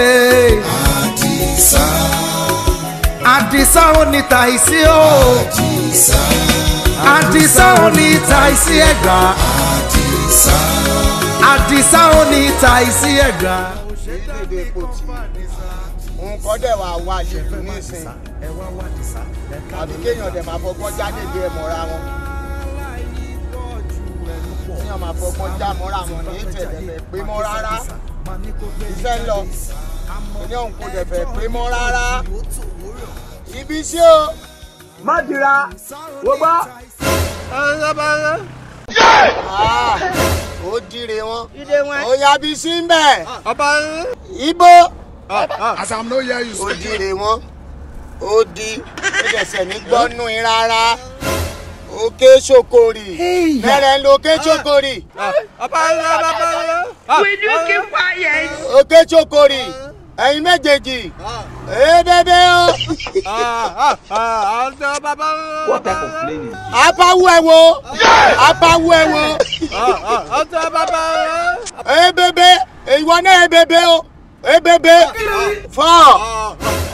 àdìsá àdìsá ò ní tàìsí o àdìsá àdìsá ò ní tàìsí ẹ̀gbá àdìsá àdìsá ò ní tàìsí ẹ̀gbá. ìdílé epo tí nǹkan dẹ̀ wá wá ìlú nísìn àbí kéèyàn dẹ̀ máa fọgbọ́n jáde ìdí ẹ̀ mọ́ra wọn kéèyàn máa fọgbọ́n já mọ́ra wọn ní ìtẹ̀lẹ̀ pé mọ́ rárá iṣẹ́ ń lọ ní òun kò dẹ̀ fẹ́ pé mọ́ rárá ibi sí o. má wo bá. ọ̀sán bá ń ó dire wọn ó yàbí sí ń bẹ̀. ọba ń ibo. àsàm ló yẹ yìí. ó dire wọn ó di ẹsẹ̀ ní gbọ́nú rárá òkè sokori mẹ́rẹ̀ ń lo sokori. Ah, ah. ọba ń rán bàbá wíjúkì fàyè. òkè chokori ẹ̀yin méjèèjì èyí eh, dédé o. Ah, ah, ah, ọ̀dọ́ bàbá. what type complaining? plane is this. abawu ẹ wo abawu ẹ wo. ọ̀dọ́ bàbá. èyí eh, bèbè ìwọ náà èyí eh, bèbè o èyí bèbè fọ.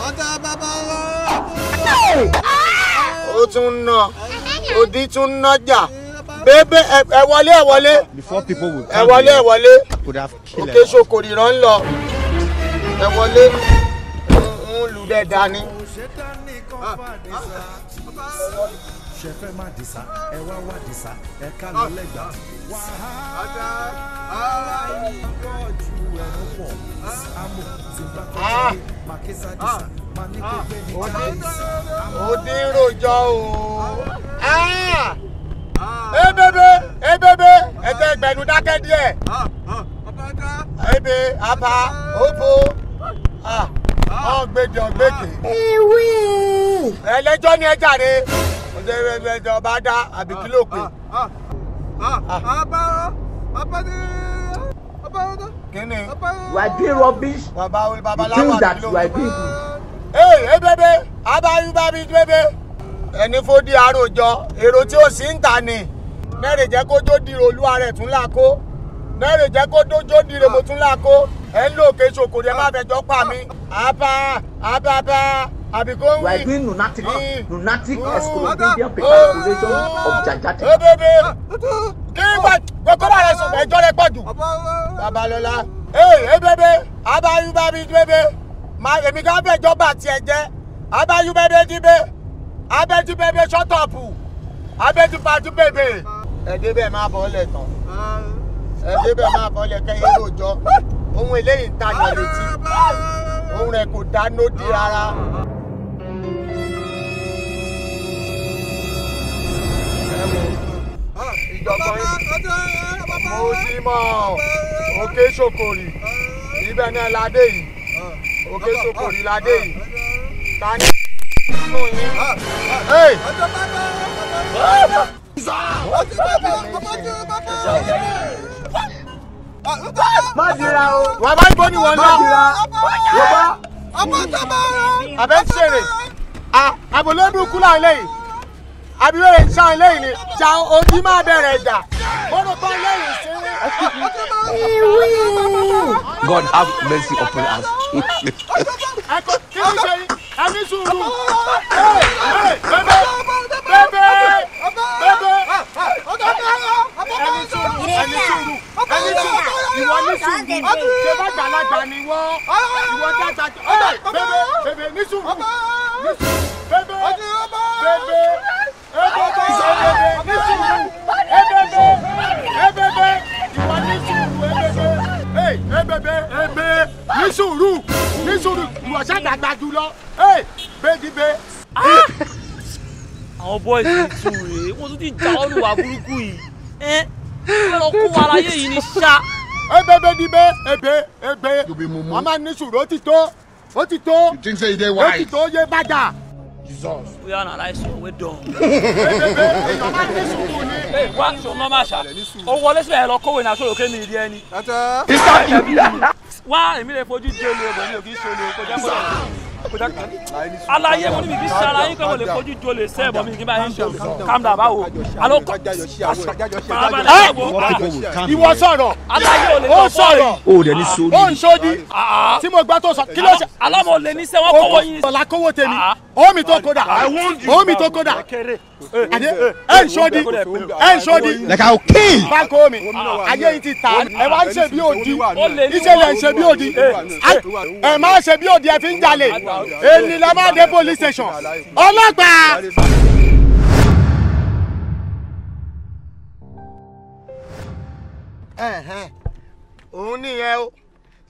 ọ̀dọ́ bàbá. ó tún ń nà òdì tún ń nà jà bébé ẹ wọlé ẹ wọlé ẹ wọlé ẹ wọlé òkè sokori rán lọ ẹ wọlé ń lu dẹ dání. ṣẹfẹ má dìsa ẹ wá wá dìsa ẹ ká lọ lẹgbà wàhálà ara yìí pọ̀ ju ẹnu pọ̀ amò zimbabwe makisa dìsa maní kò gbé ní káyìí. òdì rojọ́ o. Ah ebebe ebebe ẹtẹ gbẹnu dákẹ́ díẹ̀ ebe apa opo ah, ọgbẹjọ gbẹkẹ. ewé. ẹlẹ́jọ́ ni ẹ jàre ọjọ́ ọba dá àbí kí ló pè. ọba ọba ní kini wabi rubbish you think that you are big. ee ebebe abayubabi bebe ẹni fódí àròjọ èrò tí ó sì ń tà ní mẹ́rin jẹ́ kó tó dìrò olúwa rẹ̀ tún lákó mẹ́rin jẹ́ kó jó dìrò mo tún lákó ẹ̀ ń lò òkè ṣòkò rẹ̀ má fẹjọ́ pa mi àbá àbá bá àbíkó ń wí. we are doing lunatic lunatic exclusive perpetuation of jajate. ó bèbè kí gbọ́dọ̀ rẹ̀ sọ̀rọ̀ ẹjọ́ rẹ̀ pọ̀ jù babalọ́lá ee abayubabi bèbè èmi kan fẹjọ́ bàtì ẹ̀ jẹ́ abayubabi bèbè abẹ́tú bèbè ṣọ́tọ̀pù abẹ́tú patú bèbè ẹ̀dẹ́ bẹ́ẹ̀ máa bọ̀ ọ́lẹ̀ tán ẹ̀dẹ́ bẹ́ẹ̀ máa bọ̀ ọ́lẹ̀ kẹ́yìn lóòjọ́ ohun eléyìí ń tajà létí ohun rẹ̀ kò dá nódì rárá. ìjọba mo ti mọ òkè sokori ibẹ̀ náà ládé yìí òkè sokori ládé yìí ta ni má dira o. wà á bá gbọ́ ni wọ́n náà. yóò bá. ọmọ tó bá rọ. àbẹ ti ṣeré. àbòlódùn kú láwọn eléyìí. àbí wẹ́rẹ̀ ń ṣáwọn eléyìí ni. ja ojú máa bẹ̀rẹ̀ ìjà. mo rò pé eléyìí ṣe é. God have mercy upon us. ìwọ ní sùúrù ṣe sùúrù ní sùúrù ìwọ ṣàdàgbà jùlọ ee bẹ́ẹ̀dìbẹ́. Ah! àwọn bọ́ìsì tù rèé wọ́n tún ti jà ọ́ burúkú yìí ẹ́ wọ́n lọ kó ara yé yìí ní ṣá. ebe bẹ́ẹ̀dìbẹ́ ebe ebe wọ́n máa ní sùúrù ó ti tó ó ti tó ó ti tó yé bàjá jesus. we are not ice we don. ee wá sọ nọ́mà ṣá o wọlé sílẹ̀ lọ kówé náà sọ̀rọ̀ kémi ìdí ẹni. wá èmi lè fojú di olè ọgbọ̀n mi ò kì í ṣe olè kọjá kọjá alaye mo ní mi kì í ṣe alaye pé mo lè fojú di olè sẹ́ ẹ̀bọ̀n mi kì í bá yẹn ṣe calm down báwo alo kọ́ bàbá ìwọ sọ̀rọ̀ alaye ò lè sọ sọ̀rọ̀ o dẹ̀ ní sódì o ń sódì tí mo gbà tó sọ kí ló ṣe. alámọ̀ lè ní sẹ́wọ́n kọ́wọ́ yín. ọ̀la kówó tèmi. Ah, ah omi tó kódà omi tó kódà ẹ n sọdi ẹ n sọdi báńkì omi ayé yìí ti ta ẹ wá ń ṣe bí odi ìṣẹ̀lẹ̀ ń ṣe bí odi ẹ má ṣe bí odi ẹ fi ń jalè èyí la má dé police station ọlọ́pàá. òun nìyẹn o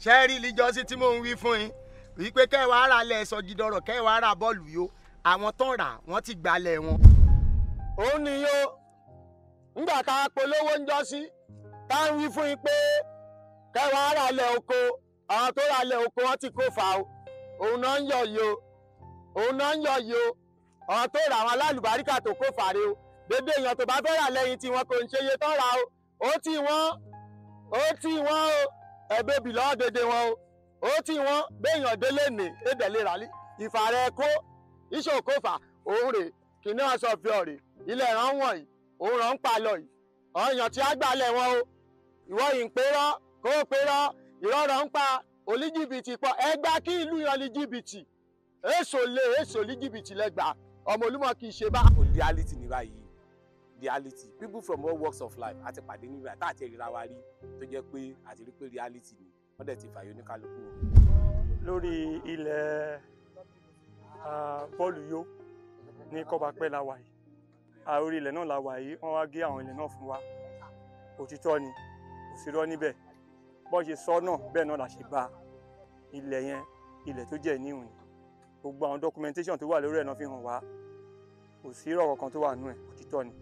ṣe rí lijọ́sí tí mò ń wí fún yín wípé kẹwàá ra lẹ sọ gidọrọ kẹwàá ra bọ́ọ̀lù yó àwọn tán rà wọ́n ti gbalẹ̀ wọn. òun ni yó ńgbà tá a polówó ń jọ́sí tá a ń wí fún yín pé kẹwàá ra lẹ oko àwọn tó ra lẹ oko wọ́n ti kó fa o òun náà ń yọ yìí òun náà ń yọ yìí àwọn tó ra àwọn alálùbáríkà tó kó fàre o dédé èèyàn tó bá fẹ́ rà lẹ́yìn tí wọn kò ń ṣe iye tán ra o ó tì wọ́n ó tì wọ́n o ẹ̀bẹ̀bì ó tí wọ́n béèyàn délé nì édèlé rálí ìfàrẹ́ kó iṣẹ́ òkófà òun rè kìnìún aṣọ fi ọ̀rẹ́ ilẹ̀ ràn wọ̀nyí òun ràn ń pa lọ yìí ọ̀yàn tí a gbà lẹ̀ wọn o ìwọ yìí ń pérọ́ kó o pérọ́ ìrọ̀rọ̀ ń pa olíjìbìtì pọ̀ ẹ gbà kí ìlú yan líjìbìtì èso lé èso líjìbìtì lẹ́gbà ọmọ olúmọ kì í ṣe bá. reality ní báyìí reality people from all walks of life àti pàdé níbi àtàtì ìrira wa rí tó jẹ́ pé àti rí pé reality ni wọ́n dẹ̀ ti fàyè oníkálukú lórí ilẹ̀ bọ́ọ̀lù yó ní kọ́bapẹ́ la wà yìí orí ilẹ̀ náà la wà yìí wọ́n wá gé àwọn ilẹ̀ náà fún wa òtítọ́ ni òsirọ́ níbẹ̀ bọ́n ṣe sọ náà bẹ́ẹ̀ náà la ṣe gba ilẹ̀ yẹn ilẹ̀ tó jẹ́ níhùn ni gbogbo àwọn documentation tó wà lórí ẹ̀ náà fi hàn wá òsirọ́ kankan tó wà nù ẹ̀ òtítọ́ ni.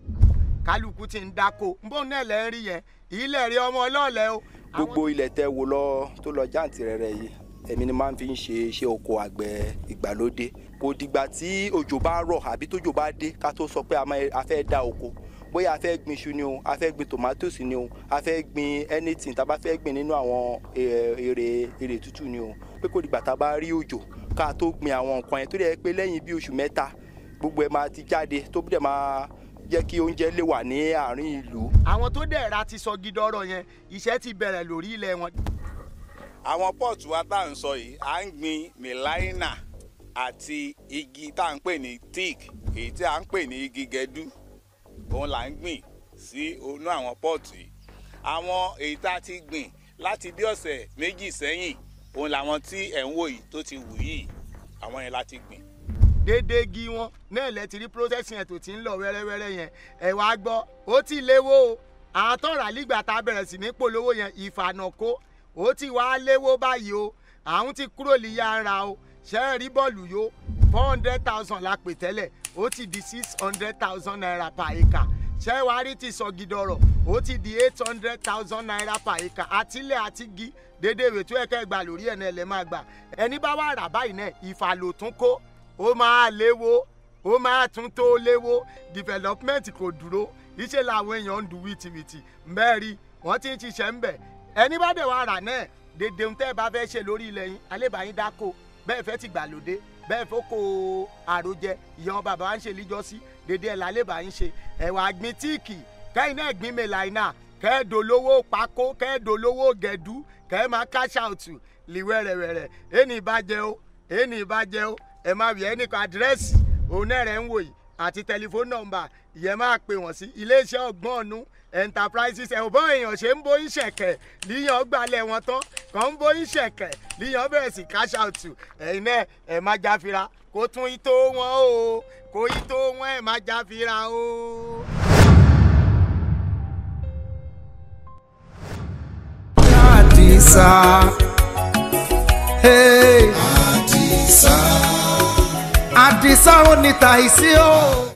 kálukú ti ń dáko bóun náà lẹ́ ń rí yẹn ilẹ̀ rí ọmọ ọlọ́ọ̀lẹ́ o gbogbo ilẹ̀ tẹ́ wo lọ tó lọ jáǹtì rẹ̀rẹ̀ yìí èmi ni máa ń fi ń ṣe iṣẹ́ oko àgbẹ̀ ìgbàlódé kò dìgbà tí òjò bá rọ̀ àbí tójò bá dé ká tó sọ pé a fẹ́ dá oko bóyá a fẹ́ gbin iṣu ni o a fẹ́ gbin tomatoes ni o a fẹ́ gbin anything tá a bá fẹ́ gbin nínú àwọn èrè e, èrè tútù ni o pé kò dìgbà tá a bá rí òjò ká tó gbin àwọn nǹkan yẹn tó dẹ̀ pé lẹ́yìn bí oṣù mẹ́ta gbogbo ẹ̀ máa ti jáde tó dẹ̀ máa jẹ́ kí oúnjẹ lè wà ní àárín ìlú. àwọn tó dẹ̀ ra ti sọ gidọ́rọ̀ yẹn iṣẹ́ ti bẹ̀rẹ̀ lórí ilẹ̀ wọn. àwọn pọ́ọ̀tù wa tá à ń sọ yìí à ń gbin mìláínà àti igi tá à ń pè ní teak èyí tí à ń pè ní igi gẹdú òun là ń gbìn sí inú àwọn pọ́ọ̀tù yìí àwọn èyí tá a ti gbìn láti bí ọ̀sẹ̀ méjì sẹ́yìn òun làwọn tí ẹ̀ ń wò yìí tó ti wù yìí àwọn yẹn láti gbìn déédéé gí wọn náà lẹ ti rí process yẹn tó ti ń lọ wẹ́rẹ́wẹ́rẹ́ yẹn ẹ wá gbọ́ ó ti léwó o àtọ́ra lígbà tá a bẹ̀rẹ̀ sí ní polówó yẹn ìfànàkó ó ti wá léwó báyìí o àwọn ti kúrò níyà ń ra o ṣe é rí bọ́ọ̀lù yó four hundred thousand la pè tẹ́lẹ̀ ó ti di six hundred thousand naira per acre ṣe é wá rí ti sọ̀gìdọ̀rọ̀ ó ti di eight hundred thousand naira per acre àtilẹ̀ àtigi déédéé ìwé tó ẹ̀kẹ́ gbà lórí ẹ̀ náà lẹ́ máa gbà ẹni bá wà rà báyìí náà ìfàlòtún kó ó máa léwo ó máa tún tó léwo development kò dúró iṣẹ́ làwọn èèyàn ń du wìtìwìtì bẹ́ẹ̀ wọ́n ti ń ṣiṣẹ́ ń bẹ̀ ẹni bá dẹ̀ wá rà náà dèdèun tẹ́ ẹ bá fẹ́ ṣe lórí ilẹ̀ yín alébàáyín dáko bẹ́ẹ̀ fẹ́ ti gbàlódé bẹ́ẹ̀ fọ́kọ̀ àròjẹ ìyàwó bàbá wa ń ṣe líjọ́sí dèdè ẹ̀ làlébàáyín ṣe ẹ̀wà gbin tíìkì kẹ́yìn náà gbin mẹ́láìnà kẹ́ẹ̀dò lówó pákó kẹ́ẹ̀dò lówó gẹ̀dú kẹ́ẹ̀ máa cash out lì wẹ́rẹ̀wẹ̀rẹ̀ ẹni ìbàjẹ́ o ẹni ìbàjẹ́ o ẹ máa wí ẹ nìkan àdírẹ́sì òun náà rẹ̀ ń wò yìí àti tẹlifóònù nọ́mbà ìyẹn máa pè wọ́n sí iléeṣẹ́ ọgbọ́n ọ̀nù enterprises ẹ̀wọ̀n èèyàn ṣe ń bóyún ṣẹ̀kẹ̀ líyàn gbalẹ̀ wọn tán kàn ń bóyún ṣẹ̀kẹ̀ líyàn bẹ̀rẹ̀ sí cash out ẹ̀yin náà ẹ̀ má jáfira kó tún itó wọn o kó itó wọn ẹ̀ má jáfira o. Àdìsá. Hey. àdìsá ò ní tàìsí o.